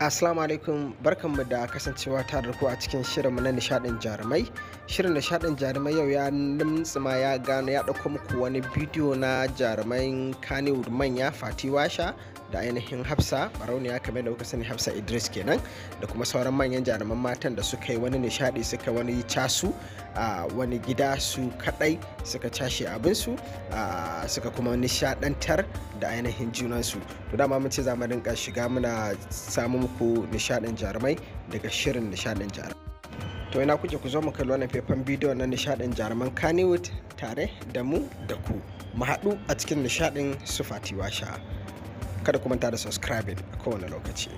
Assalamu alaikum barkanmu da kasancewa tare da ku a cikin shirinmu na nishadin jarumai shirin nishadin jarumai yau ya nimtsima ya gano ya ɗauko muku wani bidiyo na jaruman kanewood manya fati washa da ainihin hafsa barauniya kamar da kuka sani hafsa idris kenan da kuma sauran manyan jaruman matan da suka yi wani nishadi suka wani casu a wani gida su kadai suka cashe abinsu suka kuma nishadantar da ainihin junansu to dama mun ce za mu rinka shiga muna samu muku nishadin jarumai daga shirin nishadin jarumai to ina kuke ku zo mu kalli wannan faifan bidiyo na nishadin jaruman kannywood tare da mu da ku mu haɗu a cikin nishadin sufati washa kada ku manta da subscribing a kowane lokaci